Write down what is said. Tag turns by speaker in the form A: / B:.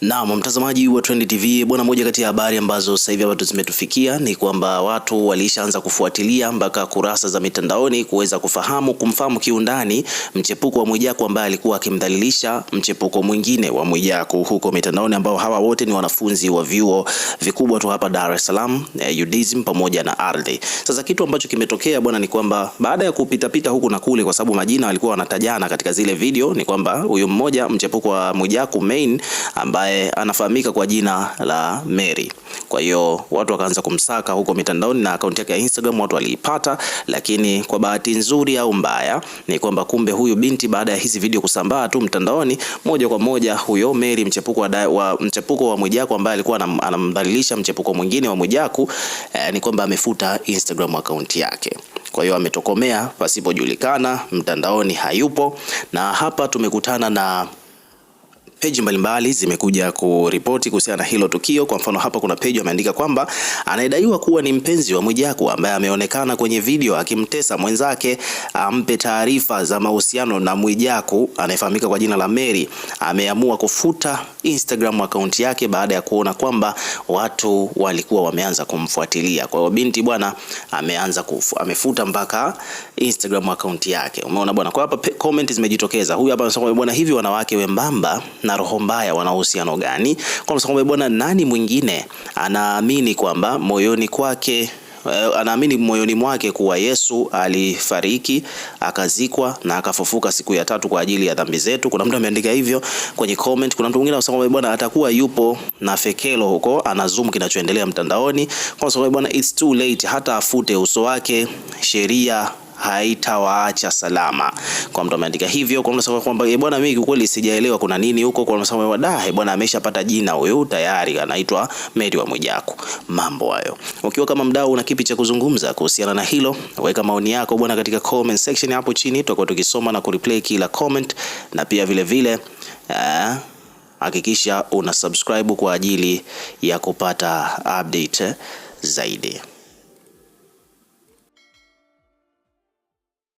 A: Naam, mtazamaji wa Trend TV, bwana, moja kati ya habari ambazo sasa hivi watu zimetufikia ni kwamba watu walishaanza kufuatilia mpaka kurasa za mitandaoni kuweza kufahamu kumfahamu kiundani mchepuko wa Mwijaku ambaye alikuwa akimdhalilisha mchepuko mwingine wa Mwijaku huko mitandaoni, ambao hawa wote ni wanafunzi wa vyuo vikubwa tu hapa Dar es Salaam, eh, UDSM pamoja na ardhi. Sasa kitu ambacho kimetokea bwana ni kwamba baada ya kupita pita huku na kule, kwa sababu majina walikuwa wanatajana katika zile video, ni kwamba huyu mmoja mchepuko wa Mwijaku main ambaye ambaye anafahamika kwa jina la Mary. Kwa hiyo watu wakaanza kumsaka huko mitandaoni na akaunti yake ya Instagram watu waliipata, lakini kwa bahati nzuri au mbaya ni kwamba kumbe huyu binti baada ya hizi video kusambaa tu mtandaoni, moja kwa moja huyo Mary mchepuko wa, wa, mchepuko wa Mwijaku ambaye alikuwa anamdhalilisha mchepuko mwingine wa Mwijaku eh, ni kwamba amefuta Instagram akaunti yake. Kwa hiyo ametokomea pasipojulikana, mtandaoni hayupo, na hapa tumekutana na peji mbalimbali zimekuja kuripoti kuhusiana na hilo tukio. Kwa mfano, hapa kuna peji ameandika kwamba anayedaiwa kuwa ni mpenzi wa Mwijaku ambaye ameonekana kwenye video akimtesa mwenzake ampe taarifa za mahusiano na Mwijaku anayefahamika kwa jina la Mary ameamua kufuta Instagram account yake baada ya kuona kwamba watu walikuwa wameanza kumfuatilia. Kwa hiyo binti bwana ameanza kufu, amefuta mpaka Instagram account yake. Umeona bwana, kwa hapa comment zimejitokeza. Huyu hapa anasema bwana, hivi wanawake wembamba na roho mbaya wana uhusiano gani? Kwa bwana, nani mwingine anaamini kwamba moyoni kwake eh, anaamini moyoni mwake kuwa Yesu alifariki akazikwa na akafufuka siku ya tatu kwa ajili ya dhambi zetu. Kuna mtu ameandika hivyo kwenye comment. Kuna mtu mwingine anasema bwana, atakuwa yupo na fekelo huko anazumu kinachoendelea mtandaoni, kwa sababu bwana, it's too late, hata afute uso wake sheria haitawaacha salama. Kwa mtu ameandika hivyo, kwa mtu kwamba eh, bwana, mimi kweli sijaelewa kuna nini huko. Kwa mtu da, bwana, ameshapata jina huyu tayari, anaitwa Mary wa Mwijaku. Mambo hayo. Ukiwa kama mdau, una kipi cha kuzungumza kuhusiana na hilo? Weka maoni yako bwana katika comment section hapo chini, tutakuwa tukisoma na kureplay kila comment, na pia vile vile eh, hakikisha una subscribe kwa ajili ya kupata update zaidi.